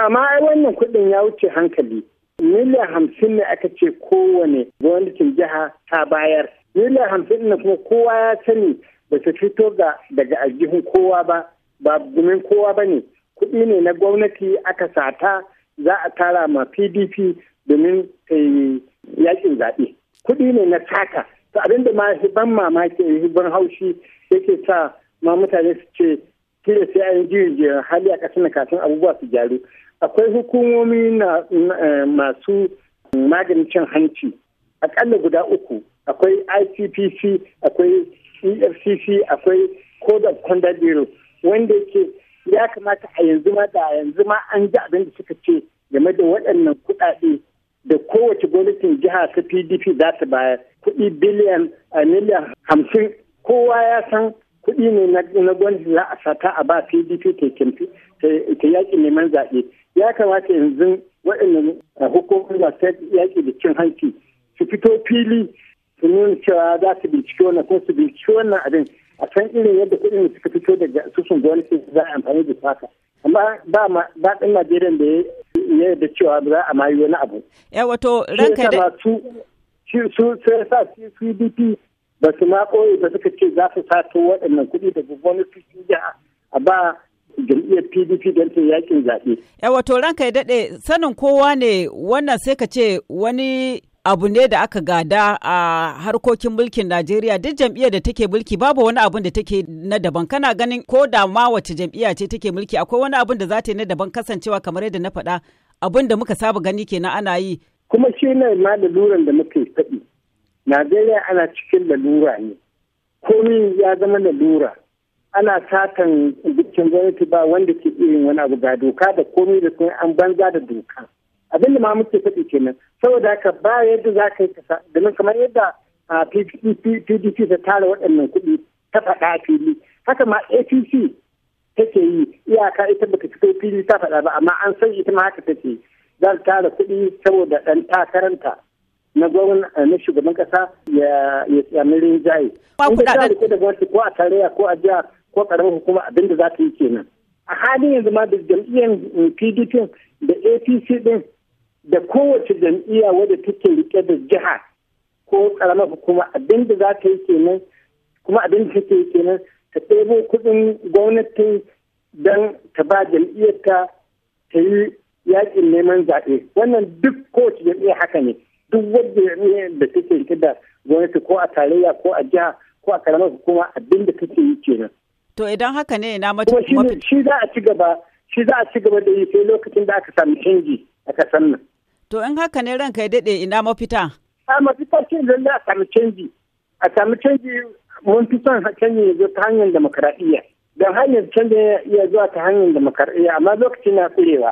To amma ai wannan kuɗin ya wuce hankali. Miliyan hamsin ne aka ce kowane gwamnatin jiha ta bayar. Miliyan hamsin ne kuma kowa ya sani ba su fito daga aljihun kowa ba, ba gumin kowa ba ne. Kuɗi ne na gwamnati aka sata za a tara ma PDP domin ta yakin zaɓe. Kuɗi ne na taka To abin da masu ban mamaki ban haushi yake sa ma mutane su ce kila sai an jirgin hali a ƙasar kafin abubuwa su gyaru akwai hukumomi na eh, masu magancin hanci akalla guda uku akwai icpc akwai efcc akwai code of conduct bureau wanda yake ya kamata a yanzu ma da yanzu ma an ji abin da suka ce game da waɗannan kuɗaɗe da kowace gwamnatin jiha ta pdp za ta bayar kuɗi biliyan a miliyan hamsin kowa ya san kuɗi ne na gwamnati za a sata a ba pdp ta yaƙi neman zaɓe ya kamata yanzu waɗannan eh, hukumomi masu yaƙi da cin hanci su fito fili su nuna cewa za su bincike wannan kuma su bincike wannan abin a san irin yadda kuɗi ne suka fito daga asusun gwamnati za a amfani da saka amma ba ma ba ɗan najeriya da ya yarda cewa za a mayu wani abu. yawa eh, to ranka da su su sai sa su ba su ma koyi ba suka ce za su sato waɗannan kuɗi da gwamnati jiha a ba jam'iyyar pdp don ta yakin zaɓe. yawa to ranka ya daɗe sanin kowa ne wannan sai ka ce wani abu ne da aka gada a harkokin mulkin najeriya duk jam'iyyar da take mulki babu wani abun da take na daban kana ganin ko da ma wace jam'iyya ce take mulki akwai wani abun da za ta yi na daban kasancewa kamar yadda na faɗa abun da muka saba gani kenan ana yi kuma shi ne ma da luran da muke najeriya ana cikin lalura ne komi ya zama lalura ana satan dukkan gwamnati ba wanda ke irin wani abu ga doka da komai da sun an banza da doka abin da ma muke faɗi kenan saboda haka ba yadda za ka yi kasa domin kamar yadda pdp ta tara waɗannan kuɗi ta faɗa fili haka ma apc take yi iyaka ita bata fito fili ta faɗa ba amma an san ita ma haka take za ta tara kuɗi saboda ɗan takaranta na gwamnati eh, na shugaban kasa ya sami rinjaye. Ba kuɗaɗen. Ko da gwamnati ko a tarayya ko a jiha ko ƙaramin hukuma abin da za ta yi kenan. A halin yanzu ma da jam'iyyar PDP eh, da APC ɗin da kowace jam'iyya wadda take rike da jiha ko ƙaramin hukuma abin da za ta yi kenan kuma abin da take yi kenan ta ɗebo kuɗin gwamnati don ta ba jam'iyyarta ta yi yaƙin neman zaɓe. Wannan duk kowace jam'iyya haka ne. duk wadda da take rike da gwamnati ko a tarayya ko a jiha ko a karamar hukuma abin da take yi kenan. To idan haka ne na mata kuma shi za a ci gaba shi za a ci gaba da yi sai lokacin da aka samu canji a kasar nan. To in haka ne ranka ya daɗe ina mafita? A mafita ce lallai a samu canji. A samu canji mun fi son canji ya zo ta hanyar demokaraɗiyya. Don hanyar canji ya zuwa ta hanyar demokaraɗiyya amma lokacin na tsirewa.